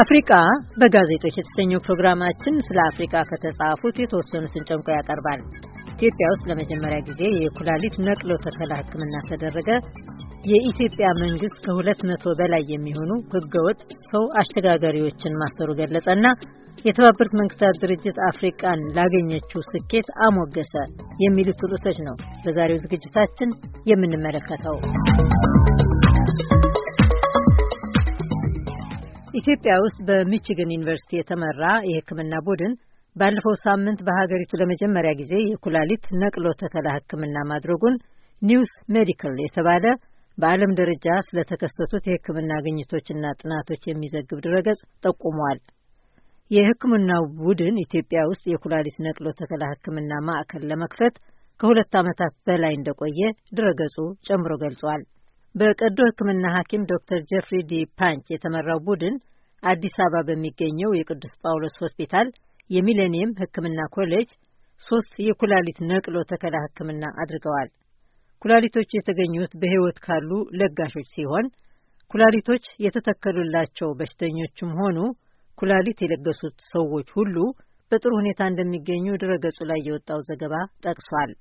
አፍሪካ በጋዜጦች የተሰኘው ፕሮግራማችን ስለ አፍሪካ ከተጻፉት የተወሰኑትን ጨምቆ ያቀርባል። ኢትዮጵያ ውስጥ ለመጀመሪያ ጊዜ የኩላሊት ነቅሎ ተከላ ሕክምና ተደረገ፣ የኢትዮጵያ መንግስት ከሁለት መቶ በላይ የሚሆኑ ህገወጥ ሰው አሸጋጋሪዎችን ማሰሩ ገለጸና የተባበሩት መንግስታት ድርጅት አፍሪቃን ላገኘችው ስኬት አሞገሰ የሚሉት ርዕሶች ነው በዛሬው ዝግጅታችን የምንመለከተው። ኢትዮጵያ ውስጥ በሚችግን ዩኒቨርሲቲ የተመራ የሕክምና ቡድን ባለፈው ሳምንት በሀገሪቱ ለመጀመሪያ ጊዜ የኩላሊት ነቅሎ ተከላ ሕክምና ማድረጉን ኒውስ ሜዲካል የተባለ በዓለም ደረጃ ስለተከሰቱት የሕክምና ግኝቶችና ጥናቶች የሚዘግብ ድረገጽ ጠቁሟል። የሕክምናው ቡድን ኢትዮጵያ ውስጥ የኩላሊት ነቅሎ ተከላ ሕክምና ማዕከል ለመክፈት ከሁለት ዓመታት በላይ እንደቆየ ድረገጹ ጨምሮ ገልጿል። በቀዶ ሕክምና ሐኪም ዶክተር ጀፍሪ ዲ ፓንች የተመራው ቡድን አዲስ አበባ በሚገኘው የቅዱስ ጳውሎስ ሆስፒታል የሚሌኒየም ሕክምና ኮሌጅ ሶስት የኩላሊት ነቅሎ ተከላ ሕክምና አድርገዋል። ኩላሊቶቹ የተገኙት በሕይወት ካሉ ለጋሾች ሲሆን ኩላሊቶች የተተከሉላቸው በሽተኞችም ሆኑ ኩላሊት የለገሱት ሰዎች ሁሉ በጥሩ ሁኔታ እንደሚገኙ ድረገጹ ላይ የወጣው ዘገባ ጠቅሷል።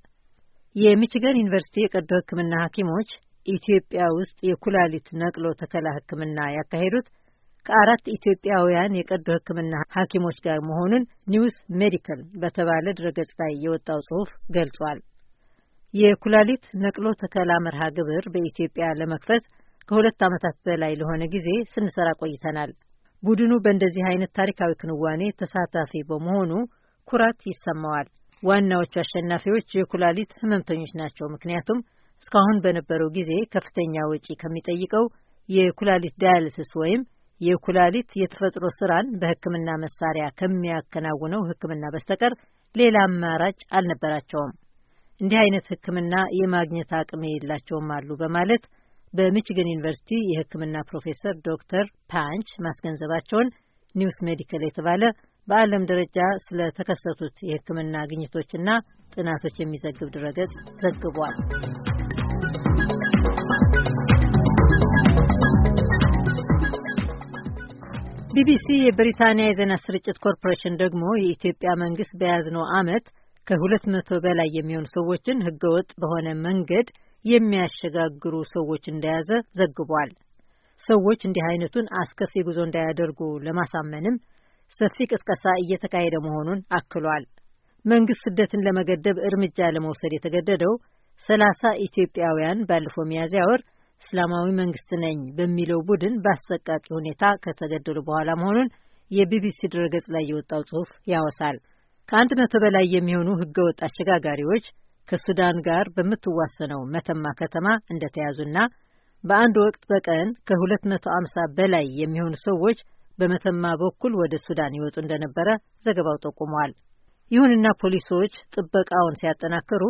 የሚችገን ዩኒቨርሲቲ የቀዶ ሕክምና ሐኪሞች ኢትዮጵያ ውስጥ የኩላሊት ነቅሎ ተከላ ሕክምና ያካሄዱት ከአራት ኢትዮጵያውያን የቀዶ ሕክምና ሐኪሞች ጋር መሆኑን ኒውስ ሜዲካል በተባለ ድረገጽ ላይ የወጣው ጽሑፍ ገልጿል። የኩላሊት ነቅሎ ተከላ መርሃ ግብር በኢትዮጵያ ለመክፈት ከሁለት ዓመታት በላይ ለሆነ ጊዜ ስንሰራ ቆይተናል። ቡድኑ በእንደዚህ አይነት ታሪካዊ ክንዋኔ ተሳታፊ በመሆኑ ኩራት ይሰማዋል። ዋናዎቹ አሸናፊዎች የኩላሊት ህመምተኞች ናቸው። ምክንያቱም እስካሁን በነበረው ጊዜ ከፍተኛ ወጪ ከሚጠይቀው የኩላሊት ዳያልስስ ወይም የኩላሊት የተፈጥሮ ስራን በሕክምና መሳሪያ ከሚያከናውነው ሕክምና በስተቀር ሌላ አማራጭ አልነበራቸውም። እንዲህ አይነት ሕክምና የማግኘት አቅሜ የላቸውም አሉ በማለት በሚችገን ዩኒቨርሲቲ የሕክምና ፕሮፌሰር ዶክተር ፓንች ማስገንዘባቸውን ኒውስ ሜዲካል የተባለ በዓለም ደረጃ ስለተከሰቱት የሕክምና ግኝቶችና ጥናቶች የሚዘግብ ድረገጽ ዘግቧል። ቢቢሲ የብሪታንያ የዜና ስርጭት ኮርፖሬሽን ደግሞ የኢትዮጵያ መንግስት በያዝነው ዓመት ከሁለት መቶ በላይ የሚሆኑ ሰዎችን ህገወጥ በሆነ መንገድ የሚያሸጋግሩ ሰዎች እንደያዘ ዘግቧል። ሰዎች እንዲህ አይነቱን አስከፊ ጉዞ እንዳያደርጉ ለማሳመንም ሰፊ ቅስቀሳ እየተካሄደ መሆኑን አክሏል። መንግስት ስደትን ለመገደብ እርምጃ ለመውሰድ የተገደደው ሰላሳ ኢትዮጵያውያን ባለፈው ሚያዝያ ወር እስላማዊ መንግስት ነኝ በሚለው ቡድን በአሰቃቂ ሁኔታ ከተገደሉ በኋላ መሆኑን የቢቢሲ ድረገጽ ላይ የወጣው ጽሑፍ ያወሳል። ከአንድ መቶ በላይ የሚሆኑ ህገወጥ አሸጋጋሪዎች ከሱዳን ጋር በምትዋሰነው መተማ ከተማ እንደተያዙና በአንድ ወቅት በቀን ከ250 በላይ የሚሆኑ ሰዎች በመተማ በኩል ወደ ሱዳን ይወጡ እንደነበረ ዘገባው ጠቁሟል። ይሁንና ፖሊሶች ጥበቃውን ሲያጠናክሩ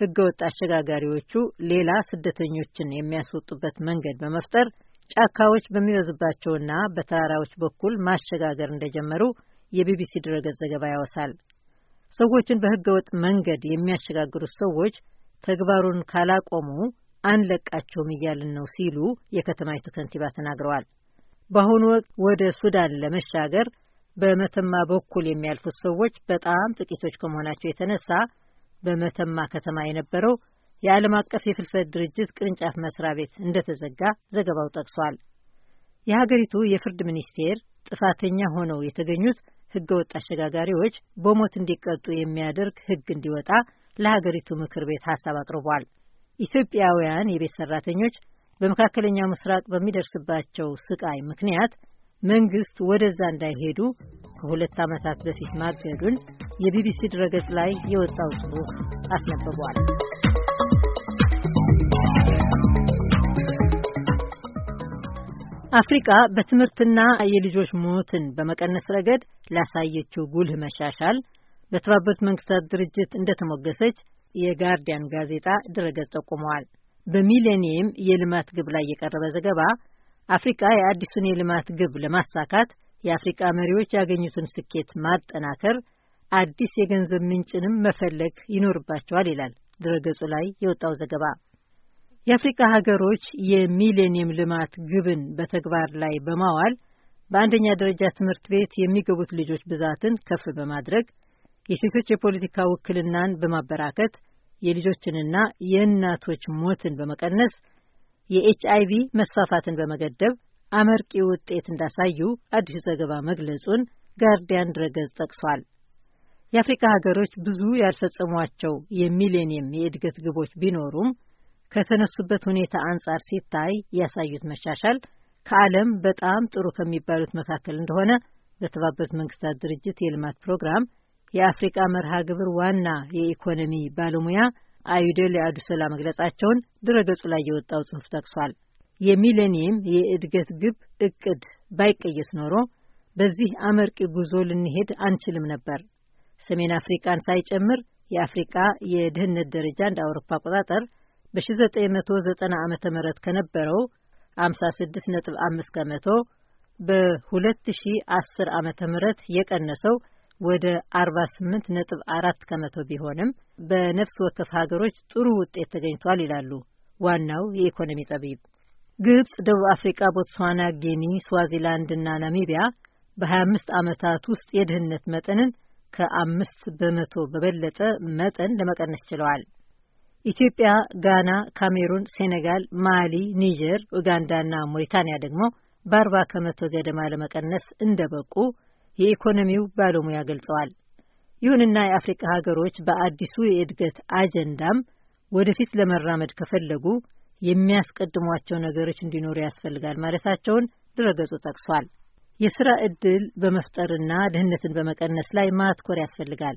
ህገወጥ አሸጋጋሪዎቹ ሌላ ስደተኞችን የሚያስወጡበት መንገድ በመፍጠር ጫካዎች በሚበዙባቸውና በተራራዎች በኩል ማሸጋገር እንደጀመሩ የቢቢሲ ድረገጽ ዘገባ ያወሳል። ሰዎችን በህገወጥ መንገድ የሚያሸጋግሩት ሰዎች ተግባሩን ካላቆሙ አንለቃቸውም እያልን ነው ሲሉ የከተማይቱ ከንቲባ ተናግረዋል። በአሁኑ ወቅት ወደ ሱዳን ለመሻገር በመተማ በኩል የሚያልፉት ሰዎች በጣም ጥቂቶች ከመሆናቸው የተነሳ በመተማ ከተማ የነበረው የዓለም አቀፍ የፍልሰት ድርጅት ቅርንጫፍ መስሪያ ቤት እንደተዘጋ ዘገባው ጠቅሷል። የሀገሪቱ የፍርድ ሚኒስቴር ጥፋተኛ ሆነው የተገኙት ህገወጥ አሸጋጋሪዎች በሞት እንዲቀጡ የሚያደርግ ህግ እንዲወጣ ለሀገሪቱ ምክር ቤት ሀሳብ አቅርቧል። ኢትዮጵያውያን የቤት ሰራተኞች በመካከለኛው ምስራቅ በሚደርስባቸው ስቃይ ምክንያት መንግስት ወደዛ እንዳይሄዱ ከሁለት ዓመታት በፊት ማገዱን የቢቢሲ ድረገጽ ላይ የወጣው ጽሑፍ አስነብቧል። አፍሪቃ በትምህርትና የልጆች ሞትን በመቀነስ ረገድ ላሳየችው ጉልህ መሻሻል በተባበሩት መንግስታት ድርጅት እንደተሞገሰች የጋርዲያን ጋዜጣ ድረገጽ ጠቁመዋል። በሚሌኒየም የልማት ግብ ላይ የቀረበ ዘገባ አፍሪቃ የአዲሱን የልማት ግብ ለማሳካት የአፍሪቃ መሪዎች ያገኙትን ስኬት ማጠናከር አዲስ የገንዘብ ምንጭንም መፈለግ ይኖርባቸዋል ይላል ድረገጹ ላይ የወጣው ዘገባ። የአፍሪካ ሀገሮች የሚሌኒየም ልማት ግብን በተግባር ላይ በማዋል በአንደኛ ደረጃ ትምህርት ቤት የሚገቡት ልጆች ብዛትን ከፍ በማድረግ የሴቶች የፖለቲካ ውክልናን በማበራከት የልጆችንና የእናቶች ሞትን በመቀነስ የኤች ቪ መስፋፋትን በመገደብ አመርቂ ውጤት እንዳሳዩ አዲሱ ዘገባ መግለጹን ጋርዲያን ድረገጽ ጠቅሷል። የአፍሪካ ሀገሮች ብዙ ያልፈጸሟቸው የሚሌኒየም የእድገት ግቦች ቢኖሩም ከተነሱበት ሁኔታ አንጻር ሲታይ ያሳዩት መሻሻል ከዓለም በጣም ጥሩ ከሚባሉት መካከል እንደሆነ በተባበሩት መንግስታት ድርጅት የልማት ፕሮግራም የአፍሪቃ መርሃ ግብር ዋና የኢኮኖሚ ባለሙያ አዩደል አዱሰላ መግለጻቸውን ድረገጹ ላይ የወጣው ጽሑፍ ጠቅሷል። የሚሌኒየም የእድገት ግብ እቅድ ባይቀየስ ኖሮ በዚህ አመርቂ ጉዞ ልንሄድ አንችልም ነበር ሰሜን አፍሪቃን ሳይጨምር የአፍሪቃ የድህነት ደረጃ እንደ አውሮፓ አቆጣጠር በ1990 ዓ ም ከነበረው 56.5 ከመቶ በ2010 ዓ ም የቀነሰው ወደ 48.4 ከመቶ ቢሆንም በነፍስ ወከፍ ሀገሮች ጥሩ ውጤት ተገኝቷል ይላሉ ዋናው የኢኮኖሚ ጠቢብ። ግብፅ፣ ደቡብ አፍሪካ፣ ቦትስዋና፣ ጊኒ፣ ስዋዚላንድ እና ናሚቢያ በ25 ዓመታት ውስጥ የድህነት መጠንን ከአምስት በመቶ በበለጠ መጠን ለመቀነስ ችለዋል። ኢትዮጵያ፣ ጋና፣ ካሜሩን፣ ሴኔጋል፣ ማሊ፣ ኒጀር፣ ኡጋንዳና ሞሪታንያ ደግሞ በአርባ ከመቶ ገደማ ለመቀነስ እንደበቁ የኢኮኖሚው ባለሙያ ገልጸዋል። ይሁንና የአፍሪካ ሀገሮች በአዲሱ የእድገት አጀንዳም ወደፊት ለመራመድ ከፈለጉ የሚያስቀድሟቸው ነገሮች እንዲኖሩ ያስፈልጋል ማለታቸውን ድረገጹ ጠቅሷል። የሥራ ዕድል በመፍጠርና ድህነትን በመቀነስ ላይ ማትኮር ያስፈልጋል።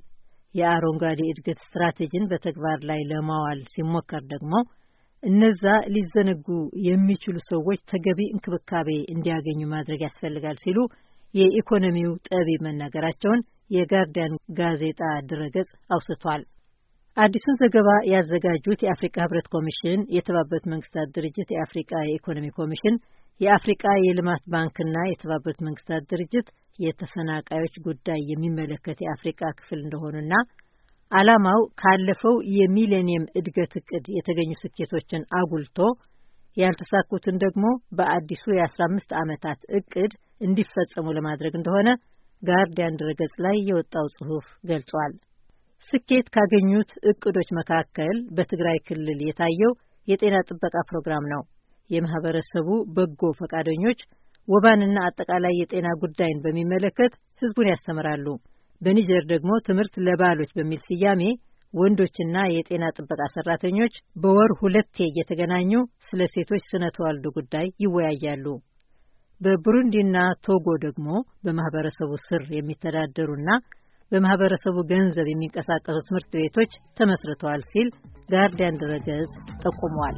የአረንጓዴ እድገት ስትራቴጂን በተግባር ላይ ለማዋል ሲሞከር ደግሞ እነዛ ሊዘነጉ የሚችሉ ሰዎች ተገቢ እንክብካቤ እንዲያገኙ ማድረግ ያስፈልጋል ሲሉ የኢኮኖሚው ጠቢብ መናገራቸውን የጋርዲያን ጋዜጣ ድረገጽ አውስቷል። አዲሱን ዘገባ ያዘጋጁት የአፍሪካ ህብረት ኮሚሽን፣ የተባበሩት መንግስታት ድርጅት የአፍሪካ የኢኮኖሚ ኮሚሽን የአፍሪቃ የልማት ባንክና የተባበሩት መንግስታት ድርጅት የተፈናቃዮች ጉዳይ የሚመለከት የአፍሪቃ ክፍል እንደሆኑና ዓላማው ካለፈው የሚሌኒየም እድገት እቅድ የተገኙ ስኬቶችን አጉልቶ ያልተሳኩትን ደግሞ በአዲሱ የ15 ዓመታት እቅድ እንዲፈጸሙ ለማድረግ እንደሆነ ጋርዲያን ድረገጽ ላይ የወጣው ጽሑፍ ገልጿል። ስኬት ካገኙት እቅዶች መካከል በትግራይ ክልል የታየው የጤና ጥበቃ ፕሮግራም ነው። የማህበረሰቡ በጎ ፈቃደኞች ወባንና አጠቃላይ የጤና ጉዳይን በሚመለከት ህዝቡን ያስተምራሉ። በኒጀር ደግሞ ትምህርት ለባሎች በሚል ስያሜ ወንዶችና የጤና ጥበቃ ሰራተኞች በወር ሁለቴ እየተገናኙ ስለ ሴቶች ስነ ተዋልዶ ጉዳይ ይወያያሉ። በቡሩንዲና ቶጎ ደግሞ በማህበረሰቡ ስር የሚተዳደሩና በማህበረሰቡ ገንዘብ የሚንቀሳቀሱ ትምህርት ቤቶች ተመስርተዋል ሲል ጋርዲያን ድረገጽ ጠቁመዋል።